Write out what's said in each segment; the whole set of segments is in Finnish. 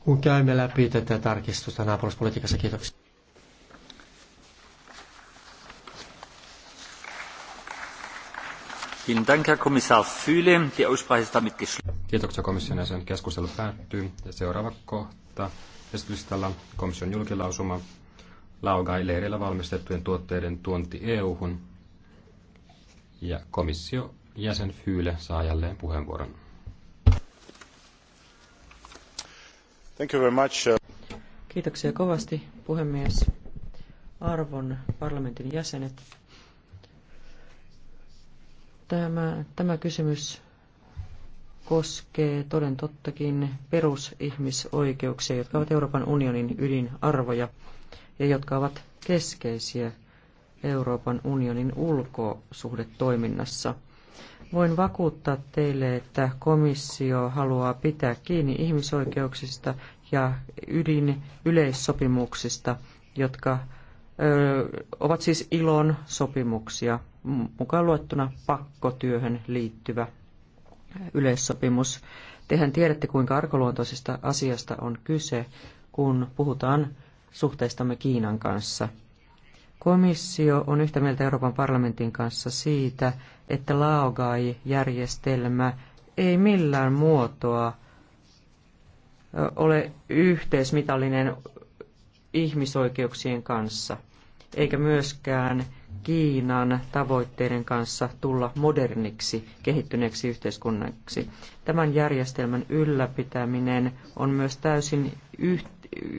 kun käymme läpi tätä tarkistusta naapuruspolitiikassa. Kiitoksia. Kiitoksia komission jäsen. Keskustelu päättyy. Ja seuraava kohta esityslistalla komission julkilausuma laugai leireillä valmistettujen tuotteiden tuonti EU-hun. Ja komissio jäsen Fyyle saa jälleen puheenvuoron. Thank you very much. Uh, Kiitoksia kovasti, puhemies. Arvon parlamentin jäsenet. Tämä, tämä kysymys koskee toden tottakin perusihmisoikeuksia, jotka ovat Euroopan unionin ydinarvoja ja jotka ovat keskeisiä Euroopan unionin ulkosuhdetoiminnassa – Voin vakuuttaa teille, että komissio haluaa pitää kiinni ihmisoikeuksista ja ydin yleissopimuksista, jotka ö, ovat siis ilon sopimuksia, mukaan luettuna pakkotyöhön liittyvä yleissopimus. Tehän tiedätte, kuinka arkoluontoisesta asiasta on kyse, kun puhutaan suhteistamme Kiinan kanssa – Komissio on yhtä mieltä Euroopan parlamentin kanssa siitä, että Laogai-järjestelmä ei millään muotoa ole yhteismitallinen ihmisoikeuksien kanssa, eikä myöskään Kiinan tavoitteiden kanssa tulla moderniksi, kehittyneeksi yhteiskunnaksi. Tämän järjestelmän ylläpitäminen on myös täysin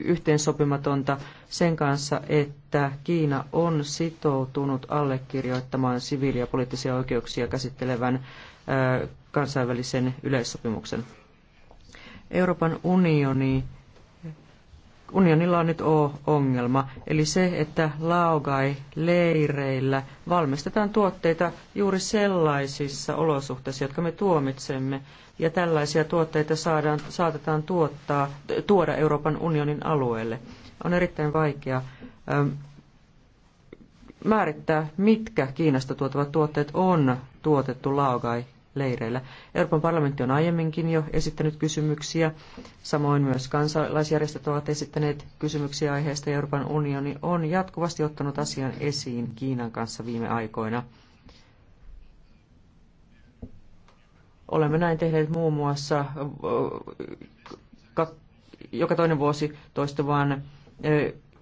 yhteensopimatonta sen kanssa, että Kiina on sitoutunut allekirjoittamaan siviili- ja poliittisia oikeuksia käsittelevän kansainvälisen yleissopimuksen. Euroopan unioni unionilla on nyt O-ongelma, eli se, että laogai-leireillä valmistetaan tuotteita juuri sellaisissa olosuhteissa, jotka me tuomitsemme, ja tällaisia tuotteita saadaan, saatetaan tuottaa, tuoda Euroopan unionin alueelle. On erittäin vaikea ähm, määrittää, mitkä Kiinasta tuotavat tuotteet on tuotettu laogai leireillä. Euroopan parlamentti on aiemminkin jo esittänyt kysymyksiä, samoin myös kansalaisjärjestöt ovat esittäneet kysymyksiä aiheesta. Euroopan unioni on jatkuvasti ottanut asian esiin Kiinan kanssa viime aikoina. Olemme näin tehneet muun muassa joka toinen vuosi toistuvan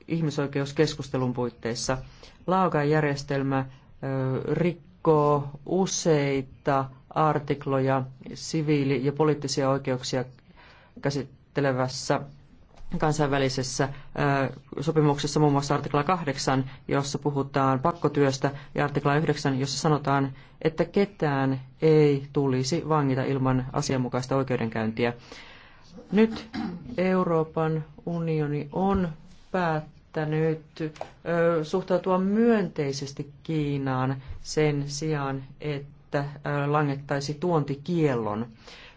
ihmisoikeuskeskustelun puitteissa. Laokan järjestelmä rikkoo useita artikloja siviili- ja poliittisia oikeuksia käsittelevässä kansainvälisessä äh, sopimuksessa, muun muassa artikla 8, jossa puhutaan pakkotyöstä, ja artikla 9, jossa sanotaan, että ketään ei tulisi vangita ilman asianmukaista oikeudenkäyntiä. Nyt Euroopan unioni on päättänyt äh, suhtautua myönteisesti Kiinaan sen sijaan, että että langettaisi tuontikiellon.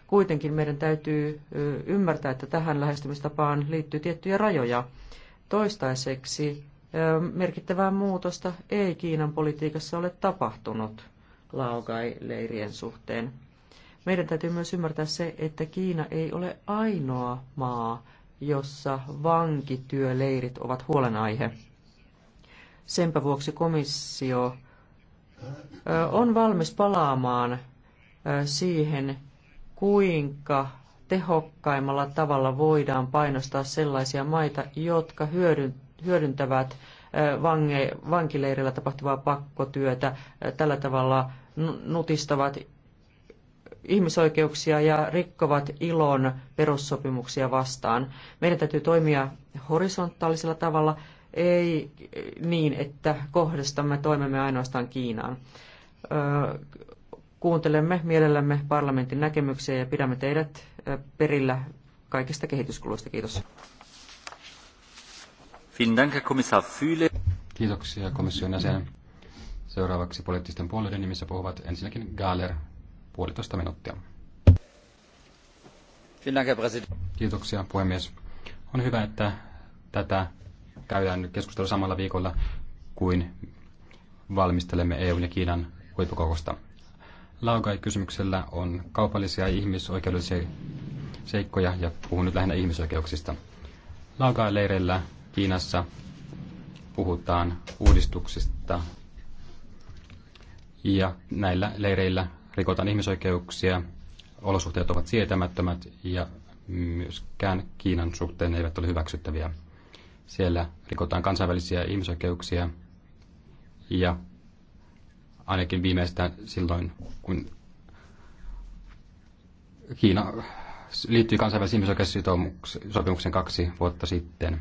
Kuitenkin meidän täytyy ymmärtää, että tähän lähestymistapaan liittyy tiettyjä rajoja. Toistaiseksi merkittävää muutosta ei Kiinan politiikassa ole tapahtunut laogai-leirien suhteen. Meidän täytyy myös ymmärtää se, että Kiina ei ole ainoa maa, jossa vankityöleirit ovat huolenaihe. Senpä vuoksi komissio on valmis palaamaan siihen, kuinka tehokkaimmalla tavalla voidaan painostaa sellaisia maita, jotka hyödyntävät vange, vankileirillä tapahtuvaa pakkotyötä, tällä tavalla nutistavat ihmisoikeuksia ja rikkovat ilon perussopimuksia vastaan. Meidän täytyy toimia horisontaalisella tavalla ei eh, niin, että kohdistamme toimemme ainoastaan Kiinaan. Kuuntelemme mielellämme parlamentin näkemyksiä ja pidämme teidät perillä kaikista kehityskuluista. Kiitos. Kiitoksia komission jäsen. Seuraavaksi poliittisten puolueiden nimissä puhuvat ensinnäkin Gaaler puolitoista minuuttia. Kiitoksia puhemies. On hyvä, että tätä käydään keskustelu samalla viikolla kuin valmistelemme EUn ja Kiinan huippukokousta. Laukai-kysymyksellä on kaupallisia ja ihmisoikeudellisia seikkoja ja puhun nyt lähinnä ihmisoikeuksista. Laukai-leireillä Kiinassa puhutaan uudistuksista ja näillä leireillä rikotaan ihmisoikeuksia, olosuhteet ovat sietämättömät ja myöskään Kiinan suhteen eivät ole hyväksyttäviä. Siellä rikotaan kansainvälisiä ihmisoikeuksia ja ainakin viimeistään silloin, kun Kiina liittyi kansainvälisiin ihmisoikeussopimuksen kaksi vuotta sitten.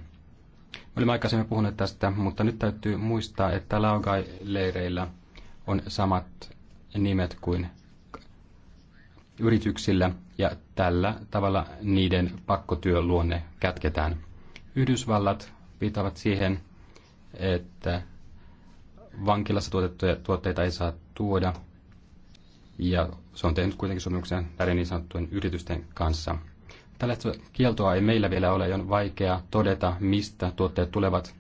Me olimme aikaisemmin puhuneet tästä, mutta nyt täytyy muistaa, että Laogai-leireillä on samat nimet kuin yrityksillä ja tällä tavalla niiden pakkotyöluonne kätketään. Yhdysvallat viitavat siihen, että vankilassa tuotettuja tuotteita ei saa tuoda. Ja se on tehnyt kuitenkin sopimuksia näiden niin sanottujen yritysten kanssa. Tällaista kieltoa ei meillä vielä ole, on vaikea todeta, mistä tuotteet tulevat.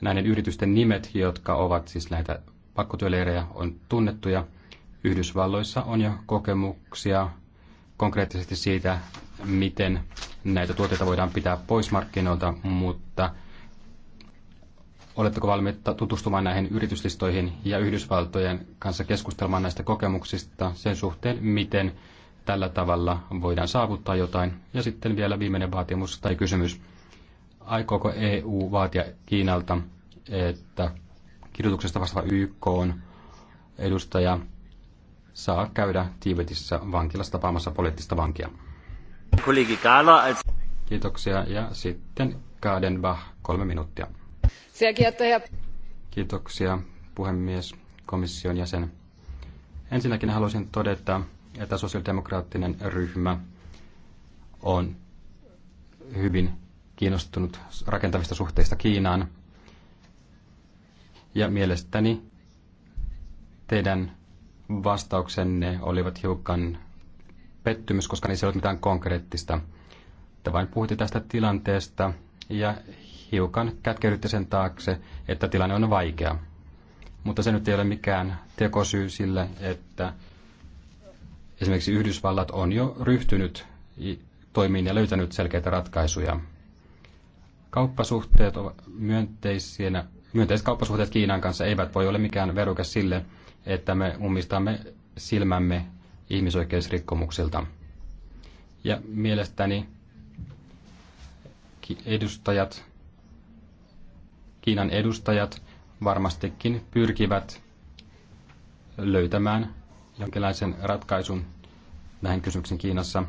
Näiden yritysten nimet, jotka ovat siis näitä pakkotyöleirejä, on tunnettuja. Yhdysvalloissa on jo kokemuksia konkreettisesti siitä, miten näitä tuotteita voidaan pitää pois markkinoilta, mutta oletteko valmiita tutustumaan näihin yrityslistoihin ja Yhdysvaltojen kanssa keskustelemaan näistä kokemuksista sen suhteen, miten tällä tavalla voidaan saavuttaa jotain? Ja sitten vielä viimeinen vaatimus tai kysymys. Aikooko EU vaatia Kiinalta, että kirjoituksesta vastaava YK on edustaja saa käydä Tiibetissä vankilassa tapaamassa poliittista vankia. Kiitoksia. Ja sitten Kadenbach, kolme minuuttia. Kiitoksia, puhemies, komission jäsen. Ensinnäkin haluaisin todeta, että sosiaalidemokraattinen ryhmä on hyvin kiinnostunut rakentavista suhteista Kiinaan. Ja mielestäni teidän vastauksenne olivat hiukan pettymys, koska niissä ei ollut mitään konkreettista. Te vain puhutte tästä tilanteesta ja hiukan kätkeydytte sen taakse, että tilanne on vaikea. Mutta se nyt ei ole mikään tekosyy sille, että esimerkiksi Yhdysvallat on jo ryhtynyt toimiin ja löytänyt selkeitä ratkaisuja. Kauppasuhteet ovat myönteisiä. myönteiset kauppasuhteet Kiinan kanssa eivät voi olla mikään veruke sille, että me ummistamme silmämme ihmisoikeusrikkomuksilta. Ja mielestäni edustajat, Kiinan edustajat varmastikin pyrkivät löytämään jonkinlaisen ratkaisun näihin kysymyksiin Kiinassa.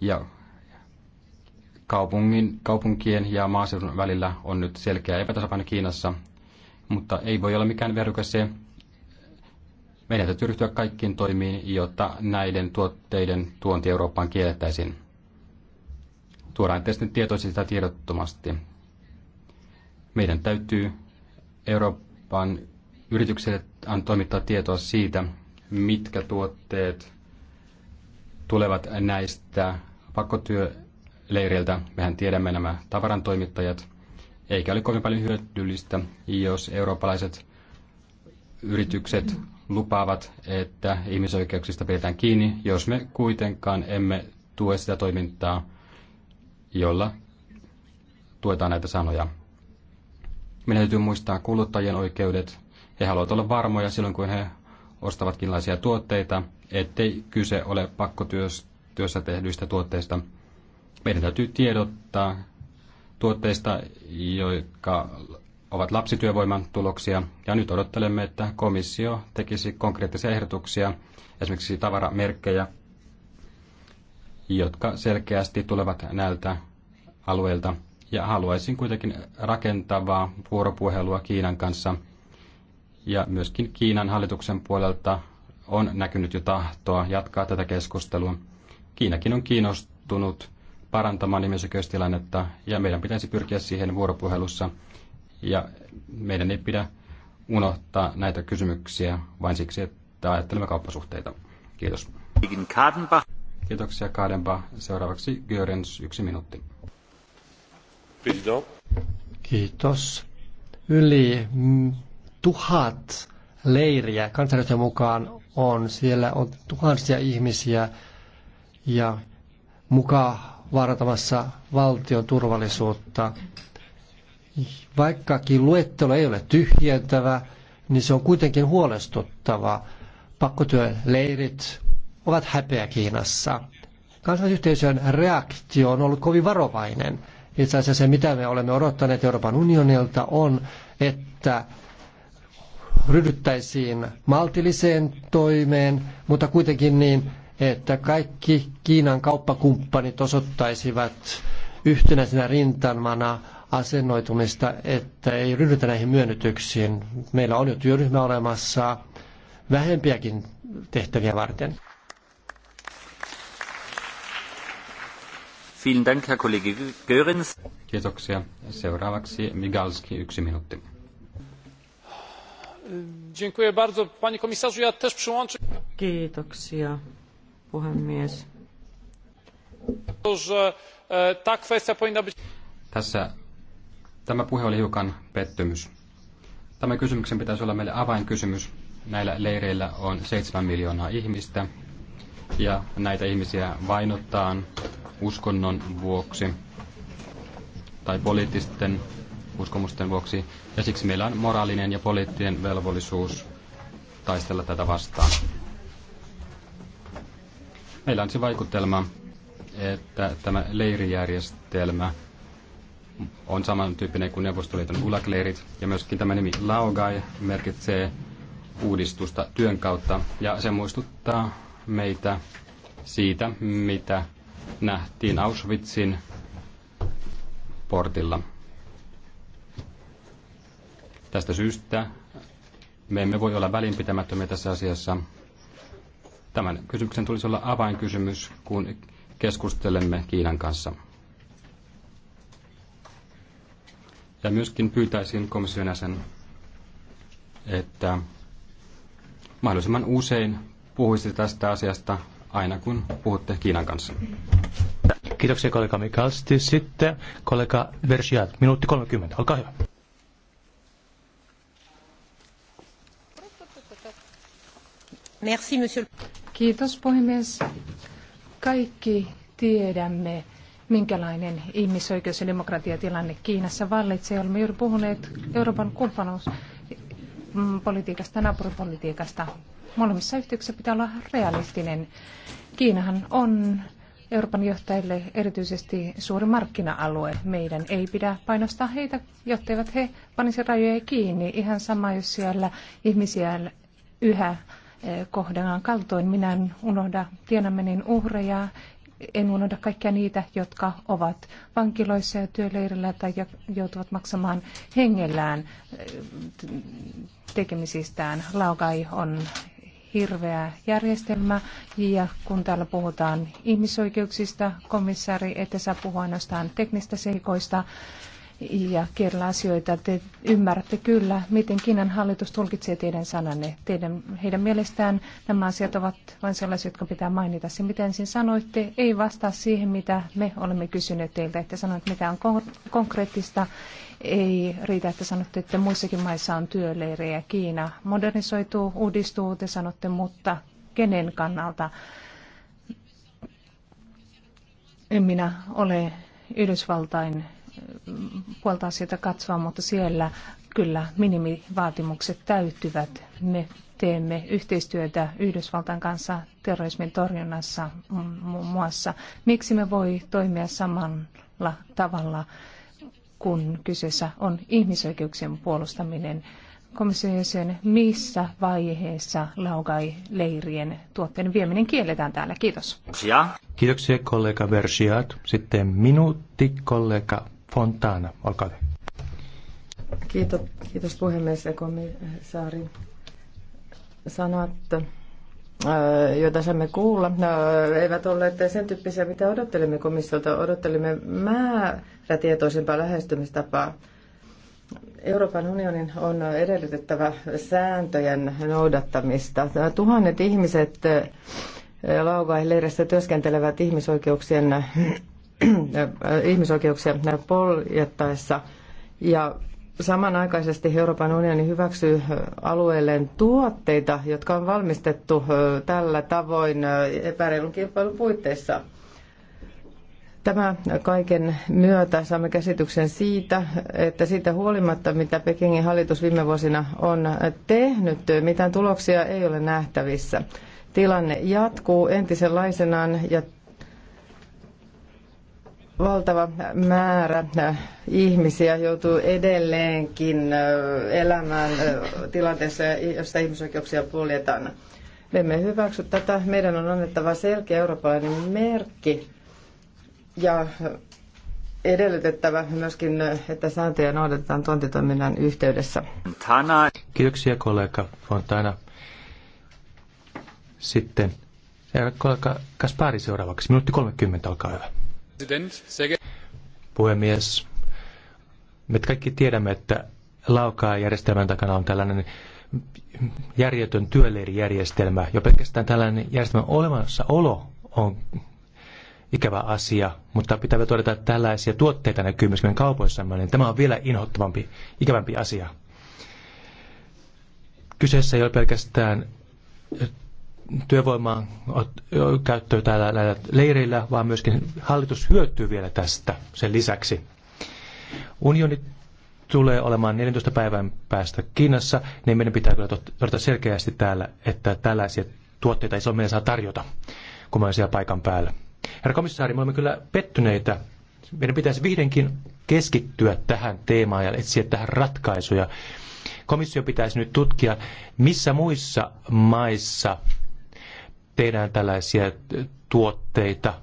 Ja kaupungin, kaupunkien ja maaseudun välillä on nyt selkeä epätasapaino Kiinassa, mutta ei voi olla mikään verukas se. Meidän täytyy ryhtyä kaikkiin toimiin, jotta näiden tuotteiden tuonti Eurooppaan kiellettäisiin. Tuodaan tietysti tietoisesti tai tiedottomasti. Meidän täytyy Euroopan yrityksille toimittaa tietoa siitä, mitkä tuotteet tulevat näistä pakkotyöleireiltä. Mehän tiedämme nämä tavarantoimittajat – eikä ole kovin paljon hyödyllistä, jos eurooppalaiset yritykset lupaavat, että ihmisoikeuksista pidetään kiinni, jos me kuitenkaan emme tue sitä toimintaa, jolla tuetaan näitä sanoja. Meidän täytyy muistaa kuluttajien oikeudet. He haluavat olla varmoja silloin, kun he ostavat kiinalaisia tuotteita, ettei kyse ole pakkotyössä tehdyistä tuotteista. Meidän täytyy tiedottaa tuotteista, jotka ovat lapsityövoiman tuloksia. Ja nyt odottelemme, että komissio tekisi konkreettisia ehdotuksia, esimerkiksi tavaramerkkejä, jotka selkeästi tulevat näiltä alueilta. Ja haluaisin kuitenkin rakentavaa vuoropuhelua Kiinan kanssa. Ja myöskin Kiinan hallituksen puolelta on näkynyt jo tahtoa jatkaa tätä keskustelua. Kiinakin on kiinnostunut parantamaan ihmisoikeustilannetta ja meidän pitäisi pyrkiä siihen vuoropuhelussa ja meidän ei pidä unohtaa näitä kysymyksiä vain siksi, että ajattelemme kauppasuhteita. Kiitos. Kiitoksia Kaadenpa. Seuraavaksi Görens, yksi minuutti. Kiitos. Yli tuhat leiriä kansanryhmän mukaan on. Siellä on tuhansia ihmisiä ja mukaan vaarantamassa valtion turvallisuutta. Vaikkakin luettelo ei ole tyhjentävä, niin se on kuitenkin huolestuttava. Pakkotyön leirit ovat häpeä Kiinassa. Kansallisyhteisön reaktio on ollut kovin varovainen. Itse asiassa se, mitä me olemme odottaneet Euroopan unionilta, on, että ryhdyttäisiin maltilliseen toimeen, mutta kuitenkin niin, että kaikki Kiinan kauppakumppanit osoittaisivat yhtenäisenä rintamana asennoitumista, että ei ryhdytä näihin myönnytyksiin. Meillä on jo työryhmä olemassa vähempiäkin tehtäviä varten. Vielen Dank, Herr Kollege Görens. Kiitoksia. Seuraavaksi Migalski, yksi minuutti. Dziękuję bardzo. Panie komisarzu, ja też przyłączę. Kiitoksia, puhemies. Eh, Tässä tämä puhe oli hiukan pettymys. Tämä kysymyksen pitäisi olla meille avainkysymys. Näillä leireillä on 7 miljoonaa ihmistä ja näitä ihmisiä vainotaan uskonnon vuoksi tai poliittisten uskomusten vuoksi. Ja siksi meillä on moraalinen ja poliittinen velvollisuus taistella tätä vastaan. Meillä on se vaikutelma, että tämä leirijärjestelmä on samantyyppinen kuin Neuvostoliiton ulakleirit ja myöskin tämä nimi Laogai merkitsee uudistusta työn kautta ja se muistuttaa meitä siitä, mitä nähtiin Auschwitzin portilla. Tästä syystä me emme voi olla välinpitämättömiä tässä asiassa Tämän kysymyksen tulisi olla avainkysymys, kun keskustelemme Kiinan kanssa. Ja myöskin pyytäisin komission jäsen, että mahdollisimman usein puhuisi tästä asiasta aina kun puhutte Kiinan kanssa. Kiitoksia kollega Mikalsti. Sitten kollega Versiat, minuutti 30, olkaa hyvä. Merci, monsieur. Kiitos puhemies. Kaikki tiedämme, minkälainen ihmisoikeus- ja demokratiatilanne Kiinassa vallitsee. Olemme juuri puhuneet Euroopan kumppanuuspolitiikasta mm, ja naapuripolitiikasta. Molemmissa yhteyksissä pitää olla realistinen. Kiinahan on Euroopan johtajille erityisesti suuri markkina-alue. Meidän ei pidä painostaa heitä, jotteivät he panisi rajoja kiinni. Ihan sama, jos siellä ihmisiä yhä kohdellaan kaltoin. Minä en unohda Tienamenin uhreja, en unohda kaikkia niitä, jotka ovat vankiloissa ja työleirillä tai joutuvat maksamaan hengellään eh, tekemisistään. Laukai on hirveä järjestelmä ja kun täällä puhutaan ihmisoikeuksista, komissaari, ette saa puhua ainoastaan teknistä seikoista, ja kerralla asioita. Te ymmärrätte kyllä, miten Kiinan hallitus tulkitsee teidän sananne. Teidän, heidän mielestään nämä asiat ovat vain sellaisia, jotka pitää mainita. Se, mitä ensin sanoitte, ei vastaa siihen, mitä me olemme kysyneet teiltä. Ette sanoneet, mitä on konkreettista. Ei riitä, että sanotte, että muissakin maissa on työleirejä. Kiina modernisoituu, uudistuu, te sanotte, mutta kenen kannalta? En minä ole Yhdysvaltain puolta asioita katsoa, mutta siellä kyllä minimivaatimukset täyttyvät. Me teemme yhteistyötä Yhdysvaltain kanssa terrorismin torjunnassa muun muassa. Miksi me voi toimia samalla tavalla, kun kyseessä on ihmisoikeuksien puolustaminen? Komission jäsen, missä vaiheessa Laugai-leirien tuotteiden vieminen kielletään täällä? Kiitos. Kiitoksia kollega Versiat. Sitten minuutti kollega Fontana, olkaa hyvä. Kiitos, kiitos puhemies ja komissaari. Sanat, äh, joita saimme kuulla, äh, eivät olleet sen tyyppisiä, mitä odottelimme komissiolta. Odottelimme määrätietoisempaa lähestymistapaa. Euroopan unionin on edellytettävä sääntöjen noudattamista. Tuhannet ihmiset äh, laukai työskentelevät ihmisoikeuksien Äh, ihmisoikeuksia poljettaessa. Ja samanaikaisesti Euroopan unioni hyväksyy äh, alueelleen tuotteita, jotka on valmistettu äh, tällä tavoin epäreilun kilpailun puitteissa. Tämä kaiken myötä saamme käsityksen siitä, että siitä huolimatta, mitä Pekingin hallitus viime vuosina on tehnyt, mitään tuloksia ei ole nähtävissä. Tilanne jatkuu entisenlaisenaan ja valtava määrä äh, ihmisiä joutuu edelleenkin äh, elämään äh, tilanteessa, jossa ihmisoikeuksia poljetaan. Me emme hyväksy tätä. Meidän on annettava selkeä eurooppalainen merkki ja edellytettävä myöskin, että sääntöjä noudatetaan tontitoiminnan yhteydessä. Tana. Kiitoksia kollega Fontana. Sitten kollega Kaspari seuraavaksi. Minuutti 30, olkaa hyvä. Puhemies, me kaikki tiedämme, että laukaa järjestelmän takana on tällainen järjetön työleirijärjestelmä. Jo pelkästään tällainen järjestelmän olemassaolo on ikävä asia, mutta pitää todeta, että tällaisia tuotteita näkyy myös meidän kaupoissamme, niin tämä on vielä inhottavampi, ikävämpi asia. Kyseessä ei ole pelkästään työvoimaa käyttöön täällä näillä leireillä, vaan myöskin hallitus hyötyy vielä tästä sen lisäksi. Unioni tulee olemaan 14 päivän päästä Kiinassa, niin meidän pitää kyllä todeta selkeästi täällä, että tällaisia tuotteita ei Suomeen saa tarjota, kun me olemme siellä paikan päällä. Herra komissaari, me olemme kyllä pettyneitä. Meidän pitäisi vihdenkin keskittyä tähän teemaan ja etsiä tähän ratkaisuja. Komissio pitäisi nyt tutkia, missä muissa maissa tehdään tällaisia tuotteita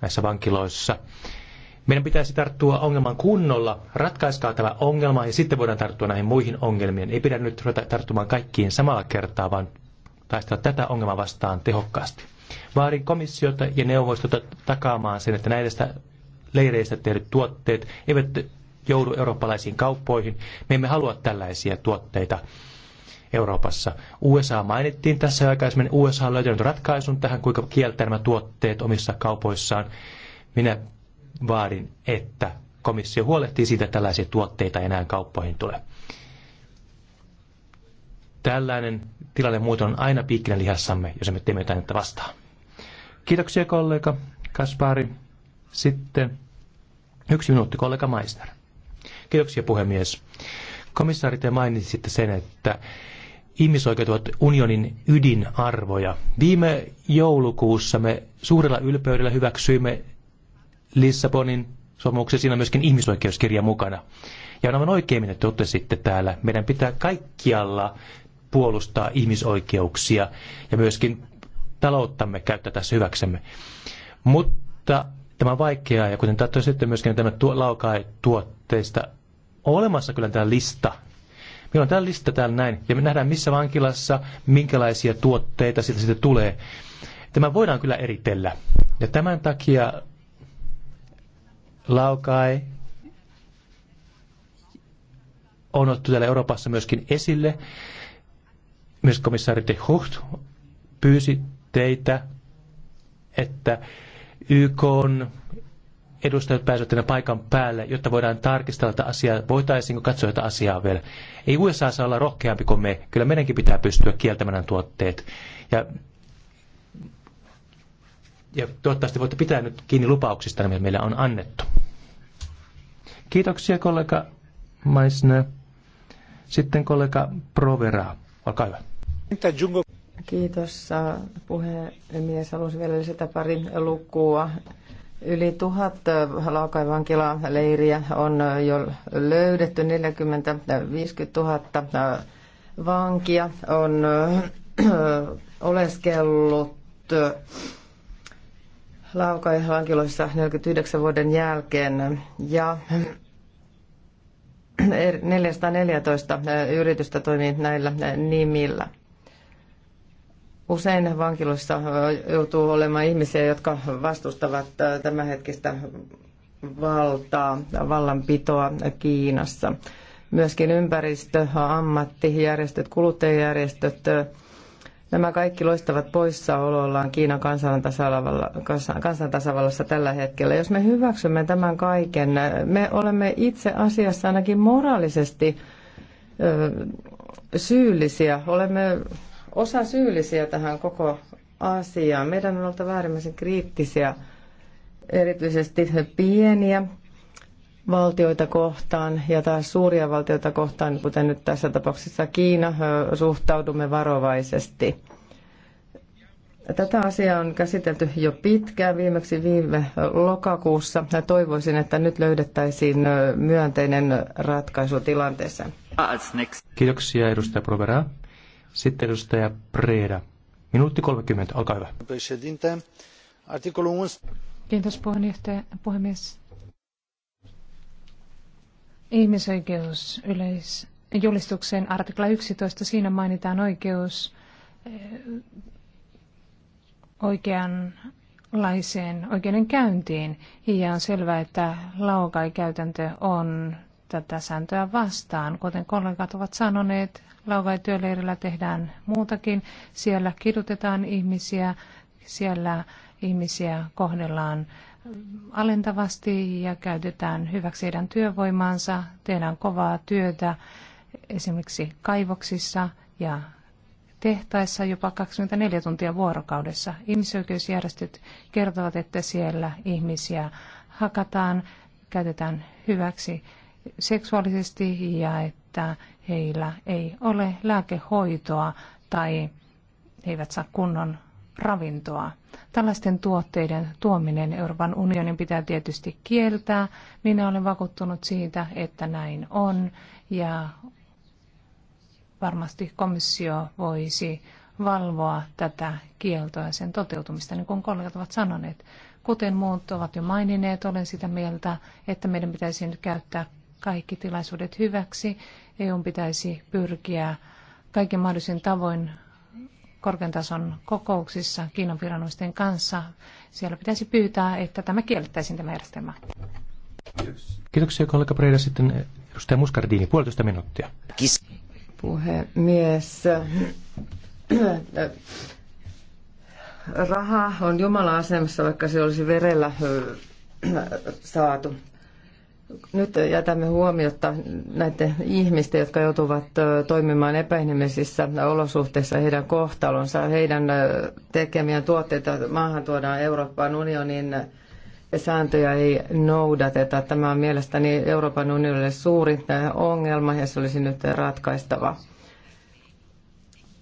näissä vankiloissa. Meidän pitäisi tarttua ongelman kunnolla, ratkaiskaa tämä ongelma ja sitten voidaan tarttua näihin muihin ongelmiin. Ei pidä nyt ruveta tarttumaan kaikkiin samalla kertaa, vaan taistella tätä ongelmaa vastaan tehokkaasti. Vaadin komissiota ja neuvostota takaamaan sen, että näistä leireistä tehdyt tuotteet eivät joudu eurooppalaisiin kauppoihin. Me emme halua tällaisia tuotteita Euroopassa. USA mainittiin tässä aikaisemmin. USA on löytänyt ratkaisun tähän, kuinka kieltää nämä tuotteet omissa kaupoissaan. Minä vaadin, että komissio huolehtii siitä, että tällaisia tuotteita ei enää kauppoihin tule. Tällainen tilanne muuten on aina piikkinä lihassamme, jos emme teemme jotain vastaan. Kiitoksia kollega Kaspari. Sitten yksi minuutti kollega Meister. Kiitoksia puhemies. Komissaari, te mainitsitte sen, että ihmisoikeudet ovat unionin ydinarvoja. Viime joulukuussa me suurella ylpeydellä hyväksyimme Lissabonin sopimuksen, siinä on myöskin ihmisoikeuskirja mukana. Ja on aivan oikein, mitä totesitte täällä. Meidän pitää kaikkialla puolustaa ihmisoikeuksia ja myöskin talouttamme käyttää tässä hyväksemme. Mutta tämä on vaikeaa, ja kuten sitten myöskin tämä laukaa tuotteista, olemassa kyllä tämä lista Meillä on tämä lista täällä näin, ja me nähdään missä vankilassa, minkälaisia tuotteita sieltä sitten tulee. Tämä voidaan kyllä eritellä. Ja tämän takia Laukai on otettu täällä Euroopassa myöskin esille. Myös komissaari de Hucht pyysi teitä, että YK on edustajat pääsevät tänne paikan päälle, jotta voidaan tarkistella tätä asiaa, voitaisiinko katsoa tätä asiaa vielä. Ei USA saa olla rohkeampi kuin me, kyllä meidänkin pitää pystyä kieltämään tuotteet. Ja, ja toivottavasti voitte pitää nyt kiinni lupauksista, mitä meillä on annettu. Kiitoksia kollega Maisner. Sitten kollega Provera, olkaa hyvä. Kiitos äh, puhemies. Haluaisin vielä lisätä pari lukua Yli tuhat äh, laukaivankilaa leiriä on äh, jo löydetty, 40 50 000 vankia on äh, oleskellut laukaivankiloissa 49 vuoden jälkeen ja 414 er, yritystä toimii näillä nimillä. Usein vankilossa joutuu olemaan ihmisiä, jotka vastustavat tämänhetkistä valtaa, vallanpitoa Kiinassa. Myöskin ympäristö, ammattijärjestöt, kuluttajajärjestöt, nämä kaikki loistavat poissaolollaan Kiinan kansantasavallassa tällä hetkellä. Jos me hyväksymme tämän kaiken, me olemme itse asiassa ainakin moraalisesti syyllisiä. Olemme osa syyllisiä tähän koko asiaan. Meidän on oltava äärimmäisen kriittisiä, erityisesti pieniä valtioita kohtaan ja taas suuria valtioita kohtaan, kuten nyt tässä tapauksessa Kiina, suhtaudumme varovaisesti. Tätä asiaa on käsitelty jo pitkään, viimeksi viime lokakuussa. Ja toivoisin, että nyt löydettäisiin myönteinen ratkaisu tilanteeseen. Kiitoksia edustaja Provera. Sitten edustaja Preda. Minuutti 30, olkaa hyvä. Kiitos puhemies. Ihmisoikeus yleisjulistuksen artikla 11, siinä mainitaan oikeus eh, oikeanlaiseen oikeudenkäyntiin. Ja on selvää, että laokai-käytäntö on tätä sääntöä vastaan. Kuten kollegat ovat sanoneet, laukai-työleirillä tehdään muutakin. Siellä kidutetaan ihmisiä, siellä ihmisiä kohdellaan alentavasti ja käytetään hyväksi heidän työvoimaansa, tehdään kovaa työtä esimerkiksi kaivoksissa ja tehtaissa jopa 24 tuntia vuorokaudessa. Ihmisoikeusjärjestöt kertovat, että siellä ihmisiä hakataan, käytetään hyväksi seksuaalisesti ja että heillä ei ole lääkehoitoa tai he eivät saa kunnon ravintoa. Tällaisten tuotteiden tuominen Euroopan unionin pitää tietysti kieltää. Minä olen vakuuttunut siitä, että näin on ja varmasti komissio voisi valvoa tätä kieltoa ja sen toteutumista, niin kuin kollegat ovat sanoneet. Kuten muut ovat jo maininneet, olen sitä mieltä, että meidän pitäisi nyt käyttää kaikki tilaisuudet hyväksi. EUn pitäisi pyrkiä kaiken mahdollisin tavoin korkean tason kokouksissa Kiinan viranomaisten kanssa. Siellä pitäisi pyytää, että tämä kiellettäisiin tämä järjestelmä. Kiitoksia kollega Preda. Sitten edustaja Muscardini, puolitoista minuuttia. Kis. Puhemies. Raha on jumala asemassa, vaikka se olisi verellä saatu nyt jätämme huomiota näiden ihmisten, jotka joutuvat toimimaan epäinhimillisissä olosuhteissa, heidän kohtalonsa, heidän tekemiä tuotteita maahan tuodaan Euroopan unionin sääntöjä ei noudateta. Tämä on mielestäni Euroopan unionille suuri ongelma ja se olisi nyt ratkaistava.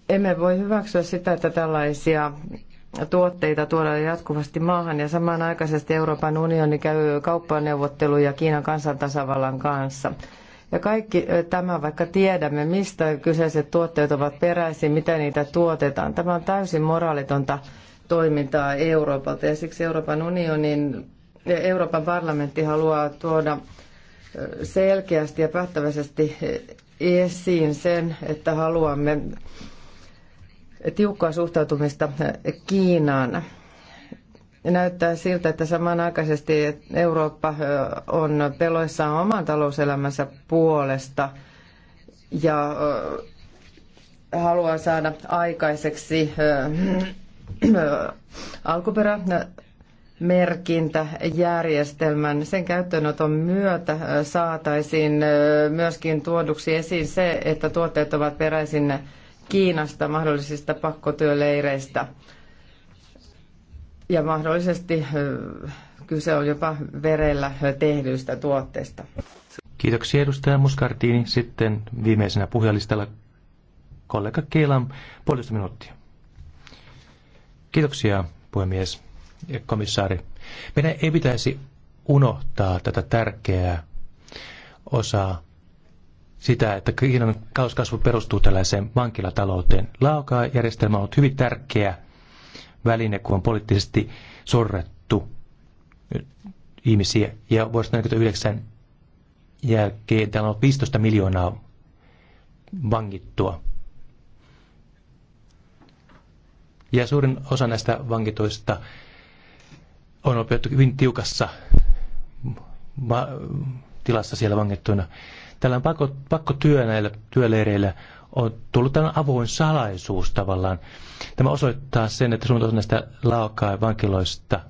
Emme voi hyväksyä sitä, että tällaisia tuotteita tuodaan jatkuvasti maahan ja samanaikaisesti Euroopan unioni käy kauppaneuvotteluja Kiinan kansantasavallan kanssa. Ja kaikki tämä, vaikka tiedämme, mistä kyseiset tuotteet ovat peräisin, mitä niitä tuotetaan, tämä on täysin moraalitonta toimintaa Euroopalta. Ja siksi Euroopan unionin ja Euroopan parlamentti haluaa tuoda selkeästi ja päättäväisesti esiin sen, että haluamme tiukkaa suhtautumista Kiinaan. Näyttää siltä, että samanaikaisesti Eurooppa on peloissaan oman talouselämänsä puolesta ja haluaa saada aikaiseksi alkuperämerkintäjärjestelmän. merkintäjärjestelmän, sen käyttöönoton myötä saataisiin myöskin tuoduksi esiin se, että tuotteet ovat peräisin Kiinasta mahdollisista pakkotyöleireistä. Ja mahdollisesti kyse on jopa verellä tehdyistä tuotteista. Kiitoksia edustaja Muskartini. Sitten viimeisenä puhujalistalla kollega Kielan puolitoista minuuttia. Kiitoksia puhemies ja komissaari. Meidän ei pitäisi unohtaa tätä tärkeää osaa sitä, että Kiinan kauskasvu perustuu tällaiseen vankilatalouteen. Laokaa-järjestelmä on ollut hyvin tärkeä väline, kun on poliittisesti sorrettu ihmisiä. Ja vuodesta 1949 jälkeen täällä on 15 miljoonaa vangittua. Ja suurin osa näistä vankitoista on opettu hyvin tiukassa tilassa siellä vangittuina tällainen pakko, työ näillä työleireillä on tullut tällainen avoin salaisuus tavallaan. Tämä osoittaa sen, että suurin osa näistä laokaa vankiloista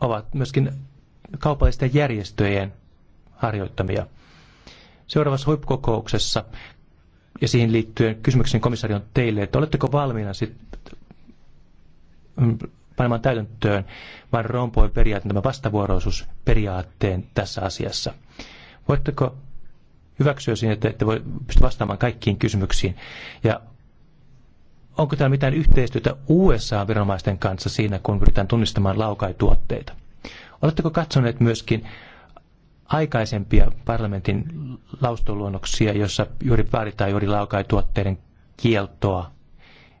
ovat myöskin kaupallisten järjestöjen harjoittamia. Seuraavassa huippukokouksessa ja siihen liittyen kysymyksen komissaari on teille, että oletteko valmiina sitten mm, panemaan täytäntöön Van rompoin periaatteen, tämä vastavuoroisuusperiaatteen tässä asiassa. Voitteko hyväksyä sinne, että ette voi pysty vastaamaan kaikkiin kysymyksiin. Ja onko täällä mitään yhteistyötä USA-viranomaisten kanssa siinä, kun pyritään tunnistamaan laukaituotteita? Oletteko katsoneet myöskin aikaisempia parlamentin laustoluonnoksia, jossa juuri vaaditaan juuri laukaituotteiden kieltoa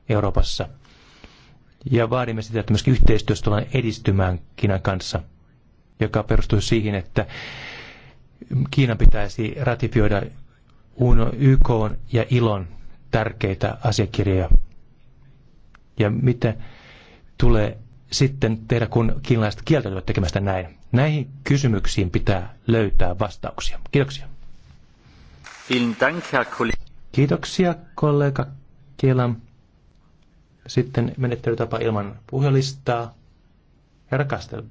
Euroopassa? Ja vaadimme sitä, että myöskin yhteistyössä tullaan edistymään Kiinan kanssa, joka perustuu siihen, että Kiinan pitäisi ratifioida YK ja ILON tärkeitä asiakirjoja. Ja mitä tulee sitten tehdä, kun kiinalaiset kieltäytyvät tekemästä näin? Näihin kysymyksiin pitää löytää vastauksia. Kiitoksia. Kiitoksia kollega Kielam. Sitten menettelytapa ilman puhujalistaa. Herra Kastel,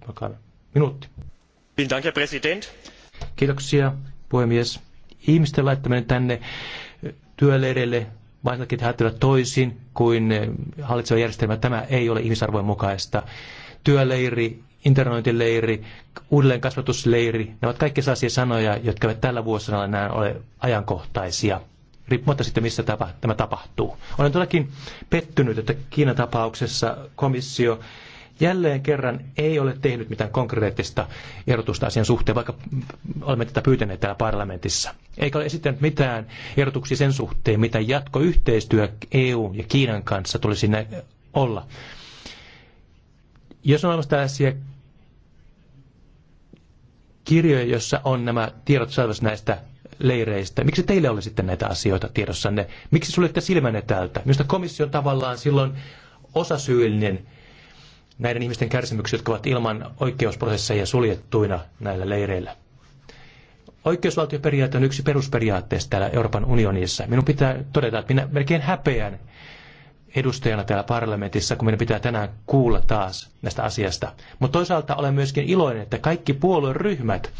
minuutti. Vielen Dank, Herr Präsident. Kiitoksia, puhemies. Ihmisten laittaminen tänne työleireille vain he ajattelevat toisin kuin eh, hallitseva järjestelmä, tämä ei ole ihmisarvojen mukaista. Työleiri, internointileiri, uudelleenkasvatusleiri, kasvatusleiri, ne ovat kaikki sellaisia sanoja, jotka eivät tällä vuosina enää ole ajankohtaisia riippumatta sitten missä tämä tapahtuu. Olen todellakin pettynyt, että Kiinan tapauksessa komissio jälleen kerran ei ole tehnyt mitään konkreettista erotusta asian suhteen, vaikka olemme tätä pyytäneet täällä parlamentissa. Eikä ole esittänyt mitään erotuksia sen suhteen, mitä jatkoyhteistyö EU ja Kiinan kanssa tulisi olla. Jos on olemassa tällaisia kirjoja, jossa on nämä tiedot saavassa näistä leireistä. Miksi teille oli sitten näitä asioita tiedossanne? Miksi suljette silmänne täältä? Minusta komissio on tavallaan silloin osasyyllinen näiden ihmisten kärsimyksiä, jotka ovat ilman oikeusprosesseja suljettuina näillä leireillä. Oikeusvaltioperiaate on yksi perusperiaatteista täällä Euroopan unionissa. Minun pitää todeta, että minä melkein häpeän edustajana täällä parlamentissa, kun meidän pitää tänään kuulla taas näistä asiasta. Mutta toisaalta olen myöskin iloinen, että kaikki puolueryhmät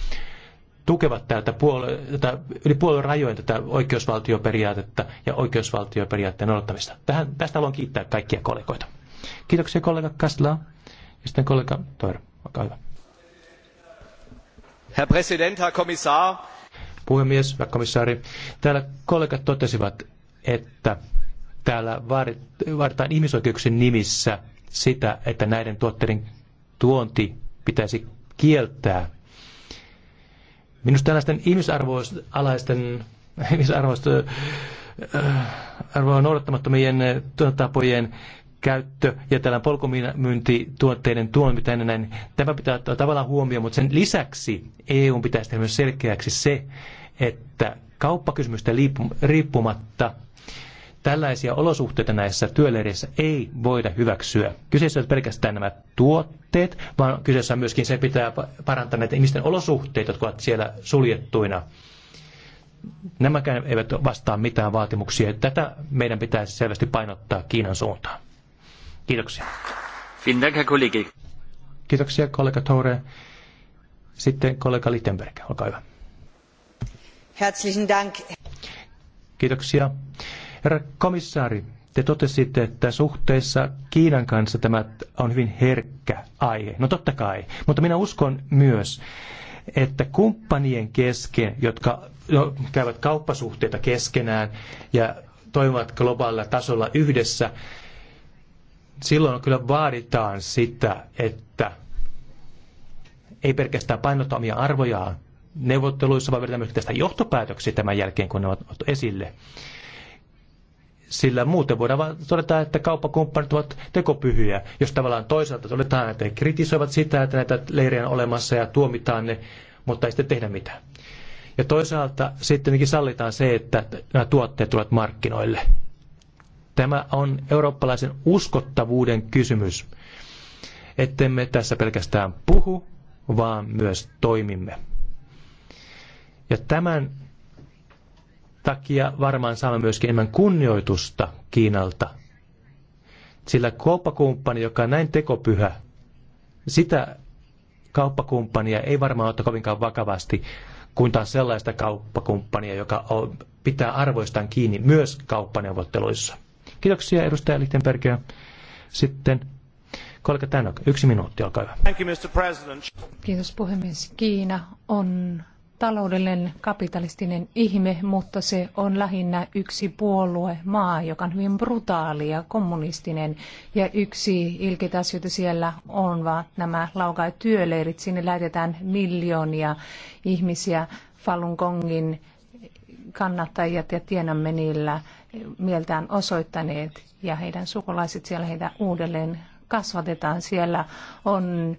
tukevat täältä puolue- tätä, yli puolueen rajojen tätä oikeusvaltioperiaatetta ja oikeusvaltioperiaatteen odottamista. Tähän, tästä haluan kiittää kaikkia kollegoita. Kiitoksia kollega Kastla ja sitten kollega Toer. olkaa hyvä. Herr President, Herr Kommissar. Puhemies, hyvä komissaari. Täällä kollegat totesivat, että täällä vaaditaan ihmisoikeuksien nimissä sitä, että näiden tuotteiden tuonti pitäisi kieltää. Minusta tällaisten ihmisarvoisten, ihmisarvoisten äh, arvoa noudattamattomien tuotantapojen käyttö ja tällä polkumyyntituotteiden tuominen, näin, tämä pitää ottaa tavallaan huomioon, mutta sen lisäksi EU pitäisi tehdä myös selkeäksi se, että kauppakysymystä riippumatta tällaisia olosuhteita näissä työleireissä ei voida hyväksyä. Kyseessä on pelkästään nämä tuotteet, vaan kyseessä on myöskin se, pitää parantaa näitä ihmisten olosuhteita, jotka ovat siellä suljettuina. Nämäkään eivät vastaa mitään vaatimuksia. Tätä meidän pitäisi selvästi painottaa Kiinan suuntaan. Kiitoksia. Kiitoksia kollega Tore. Sitten kollega Littenberg, olkaa hyvä. Herzlichen Dank. Kiitoksia. Herra komissaari, te totesitte, että suhteessa Kiinan kanssa tämä on hyvin herkkä aihe. No totta kai, mutta minä uskon myös, että kumppanien kesken, jotka käyvät kauppasuhteita keskenään ja toimivat globaalilla tasolla yhdessä, silloin kyllä vaaditaan sitä, että ei pelkästään painota omia arvojaan neuvotteluissa, vaan vedetään myös tästä johtopäätöksiä tämän jälkeen, kun ne ovat esille. Sillä muuten voidaan vain todeta, että kauppakumppanit ovat tekopyhyjä, jos tavallaan toisaalta todetaan, että he kritisoivat sitä, että näitä leirejä on olemassa ja tuomitaan ne, mutta ei sitten tehdä mitään. Ja toisaalta sittenkin sallitaan se, että nämä tuotteet tulevat markkinoille Tämä on eurooppalaisen uskottavuuden kysymys, ettemme tässä pelkästään puhu, vaan myös toimimme. Ja tämän takia varmaan saamme myöskin enemmän kunnioitusta Kiinalta. Sillä kauppakumppani, joka on näin tekopyhä, sitä kauppakumppania ei varmaan ottaa kovinkaan vakavasti, kuin taas sellaista kauppakumppania, joka pitää arvoistaan kiinni myös kauppaneuvotteluissa. Kiitoksia edustaja Lichtenbergia. Sitten Kollega Tänok, yksi minuutti, olkaa hyvä. Thank you, Mr. President. Kiitos puhemies. Kiina on taloudellinen kapitalistinen ihme, mutta se on lähinnä yksi puolue maa, joka on hyvin brutaali ja kommunistinen. Ja yksi ilkeitä asioita siellä on vaan nämä laukai työleirit. Sinne lähetetään miljoonia ihmisiä Falun Gongin kannattajat ja tienamme niillä mieltään osoittaneet ja heidän sukulaiset siellä heitä uudelleen kasvatetaan. Siellä on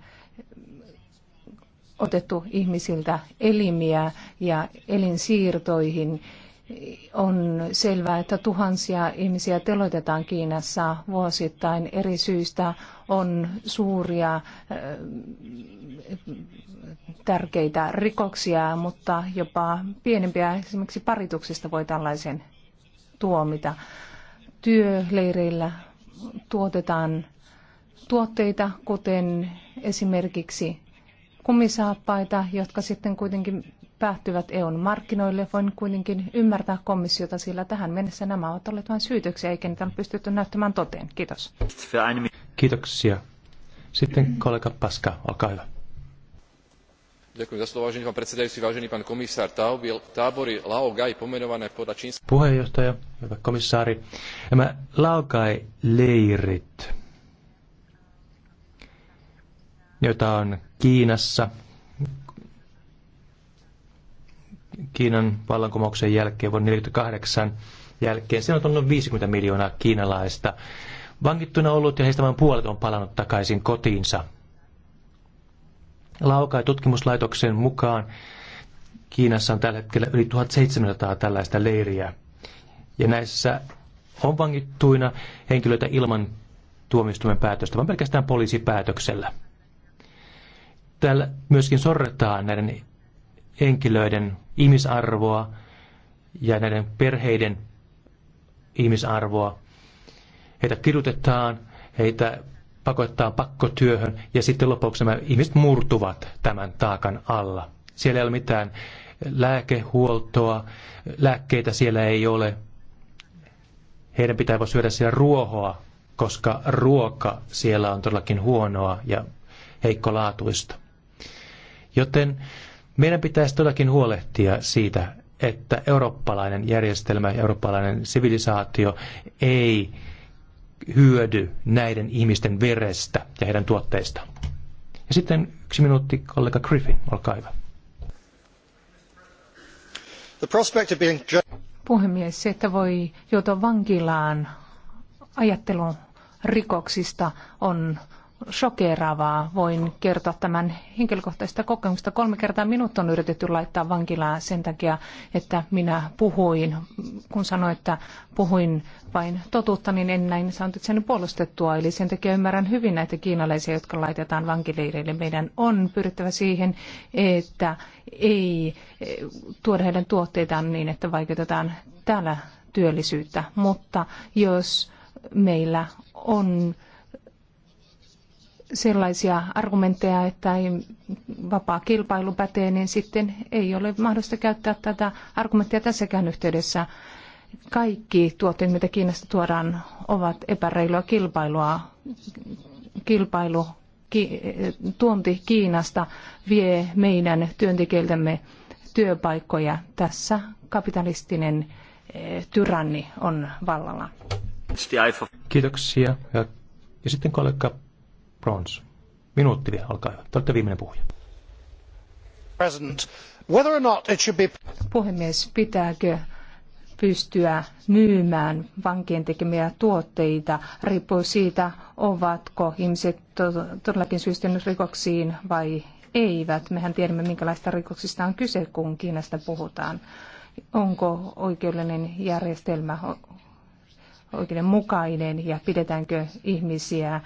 otettu ihmisiltä elimiä ja elinsiirtoihin. On selvää, että tuhansia ihmisiä teloitetaan Kiinassa vuosittain eri syistä. On suuria äh, tärkeitä rikoksia, mutta jopa pienempiä esimerkiksi parituksista voi tällaisen tuomita. Työleireillä tuotetaan tuotteita, kuten esimerkiksi kumisaappaita, jotka sitten kuitenkin päättyvät EUn markkinoille. Voin kuitenkin ymmärtää komissiota, sillä tähän mennessä nämä ovat olleet vain syytöksiä, eikä niitä ole pystytty näyttämään toteen. Kiitos. Kiitoksia. Sitten kollega Paska, olkaa hyvä tábori Laogai pomenované podľa čínsky... Puheenjohtaja, hyvä komissaari. Nämä Laogai-leirit, joita on Kiinassa Kiinan vallankumouksen jälkeen vuonna 1948 jälkeen. Siellä on ollut 50 miljoonaa kiinalaista vangittuna ollut ja heistä vain puolet on palannut takaisin kotiinsa Laukai tutkimuslaitoksen mukaan Kiinassa on tällä hetkellä yli 1700 tällaista leiriä. Ja näissä on vangittuina henkilöitä ilman tuomioistuimen päätöstä, vaan pelkästään poliisipäätöksellä. Täällä myöskin sorretaan näiden henkilöiden ihmisarvoa ja näiden perheiden ihmisarvoa. Heitä kidutetaan, heitä pakottaa pakkotyöhön ja sitten lopuksi nämä ihmiset murtuvat tämän taakan alla. Siellä ei ole mitään lääkehuoltoa, lääkkeitä siellä ei ole. Heidän pitää voi syödä siellä ruohoa, koska ruoka siellä on todellakin huonoa ja heikkolaatuista. Joten meidän pitäisi todellakin huolehtia siitä, että eurooppalainen järjestelmä ja eurooppalainen sivilisaatio ei hyödy näiden ihmisten verestä ja heidän tuotteistaan. Ja sitten yksi minuutti kollega Griffin, olkaa hyvä. Puhemies, se, että voi joutua vankilaan ajattelun rikoksista on shokeeraavaa. Voin kertoa tämän henkilökohtaista kokemuksesta. Kolme kertaa minut on yritetty laittaa vankilaan sen takia, että minä puhuin. Kun sanoin, että puhuin vain totuutta, niin en näin saanut sen puolustettua. Eli sen takia ymmärrän hyvin näitä kiinalaisia, jotka laitetaan vankileireille. Meidän on pyrittävä siihen, että ei e, tuoda heidän tuotteitaan niin, että vaikeutetaan täällä työllisyyttä. Mutta jos meillä on sellaisia argumentteja, että ei vapaa kilpailu pätee, niin sitten ei ole mahdollista käyttää tätä argumenttia tässäkään yhteydessä. Kaikki tuotteet, mitä Kiinasta tuodaan, ovat epäreilua kilpailua. Kilpailu, ki, tuonti Kiinasta vie meidän työntekijöiltämme työpaikkoja. Tässä kapitalistinen eh, tyranni on vallalla. Kiitoksia. Ja, ja sitten kollega Bronze. Minuutti vielä, alkaa hyvä. Te olette viimeinen puhuja. President, whether or not it should be... Puhemies, pitääkö pystyä myymään vankien tekemiä tuotteita, riippuu siitä, ovatko ihmiset todellakin systyneet rikoksiin vai eivät. Mehän tiedämme, minkälaista rikoksista on kyse, kun Kiinasta puhutaan. Onko oikeudellinen järjestelmä oikeudenmukainen ja pidetäänkö ihmisiä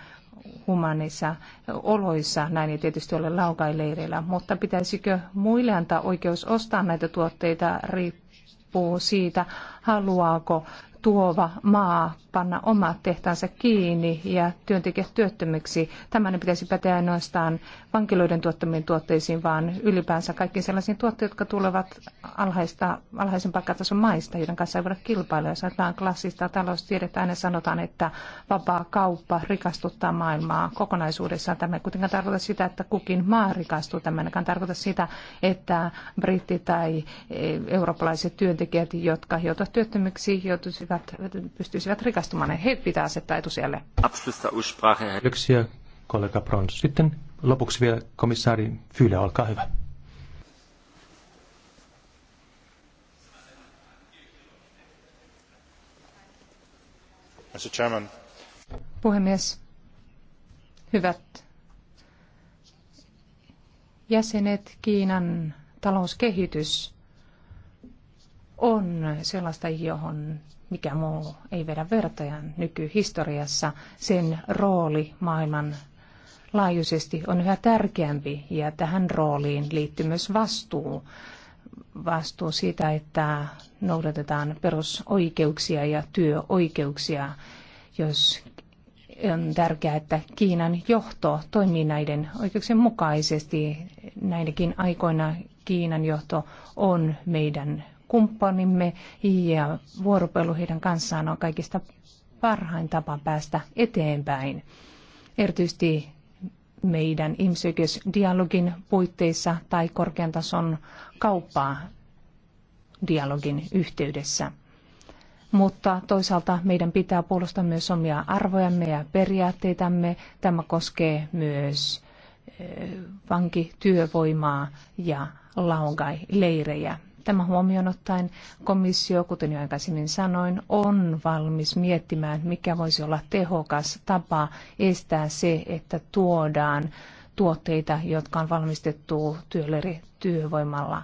humanissa oloissa. Näin ei tietysti ole laukaileireillä, mutta pitäisikö muille antaa oikeus ostaa näitä tuotteita riippuu siitä, haluaako tuova maa panna omat tehtaansa kiinni ja työntekijät työttömiksi. Tämän pitäisi päteä ainoastaan vankiloiden tuottamiin tuotteisiin, vaan ylipäänsä kaikki sellaisiin tuotteisiin, jotka tulevat alhaista, alhaisen palkkatason maista, joiden kanssa ei voida kilpailla. Jos ajatellaan klassista taloustiedettä, aina sanotaan, että vapaa kauppa rikastuttaa maailmaa kokonaisuudessaan. Tämä ei kuitenkaan tarkoita sitä, että kukin maa rikastuu. Tämä ei tarkoita sitä, että britti- tai e, eurooppalaiset työntekijät, jotka joutuvat työttömiksi, joutuisivat rikkat, pystyisivät rikastumaan. Niin he pitää asettaa etusijalle. Kiitoksia, kollega Brons. Sitten lopuksi vielä komissaari Fyle, olkaa hyvä. Mr. Chairman. Puhemies, hyvät jäsenet, Kiinan talouskehitys on sellaista, johon mikä muu ei vedä vertoja nykyhistoriassa. Sen rooli maailman laajuisesti on yhä tärkeämpi ja tähän rooliin liittyy myös vastuu. Vastuu siitä, että noudatetaan perusoikeuksia ja työoikeuksia, jos on tärkeää, että Kiinan johto toimii näiden oikeuksien mukaisesti. Näinäkin aikoina Kiinan johto on meidän kumppanimme ja vuoropelu heidän kanssaan on kaikista parhain tapa päästä eteenpäin. Erityisesti meidän ihmisoikeusdialogin puitteissa tai korkean tason kauppaa dialogin yhteydessä. Mutta toisaalta meidän pitää puolustaa myös omia arvojamme ja periaatteitamme. Tämä koskee myös eh, vankityövoimaa ja laongai-leirejä. Tämä huomioon ottaen komissio, kuten jo aikaisemmin sanoin, on valmis miettimään, mikä voisi olla tehokas tapa estää se, että tuodaan tuotteita, jotka on valmistettu työvoimalla.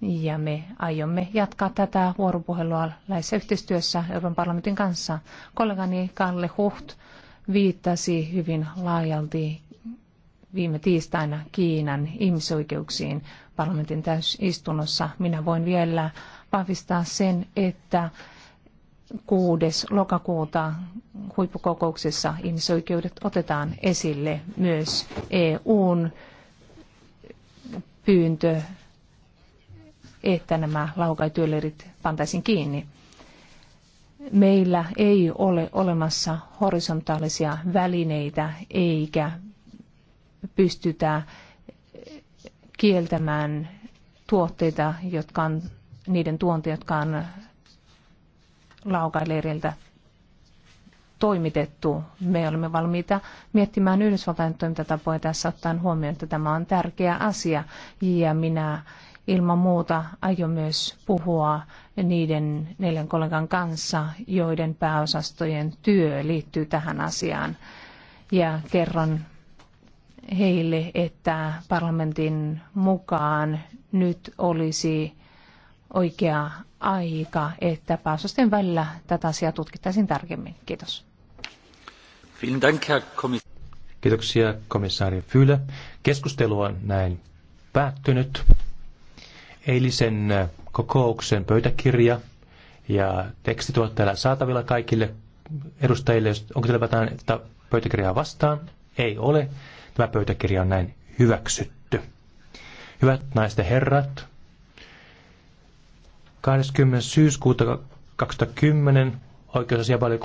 Ja me aiomme jatkaa tätä vuoropuhelua läheisessä yhteistyössä Euroopan parlamentin kanssa. Kollegani Kalle Huht viittasi hyvin laajalti viime tiistaina Kiinan ihmisoikeuksiin parlamentin täysistunnossa. Minä voin vielä vahvistaa sen, että 6. lokakuuta huippukokouksessa ihmisoikeudet otetaan esille myös EUn pyyntö, että nämä laukaityöleirit pantaisiin kiinni. Meillä ei ole olemassa horisontaalisia välineitä eikä pystytä kieltämään tuotteita, jotka on, niiden tuonti, jotka on laukaileiriltä toimitettu. Me olemme valmiita miettimään Yhdysvaltain toimintatapoja tässä ottaen huomioon, että tämä on tärkeä asia. Ja minä ilman muuta aion myös puhua niiden neljän kollegan kanssa, joiden pääosastojen työ liittyy tähän asiaan. Ja kerron heille, että parlamentin mukaan nyt olisi oikea aika, että pääosasten välillä tätä asiaa tutkittaisiin tarkemmin. Kiitos. Kiitoksia komissaari Fyle. Keskustelu on näin päättynyt. Eilisen kokouksen pöytäkirja ja tekstit ovat täällä saatavilla kaikille edustajille. Onko teillä jotain pöytäkirjaa vastaan? Ei ole. Tämä pöytäkirja on näin hyväksytty. Hyvät naiset ja herrat, 20. syyskuuta 2010 oikeusasiavaliokunta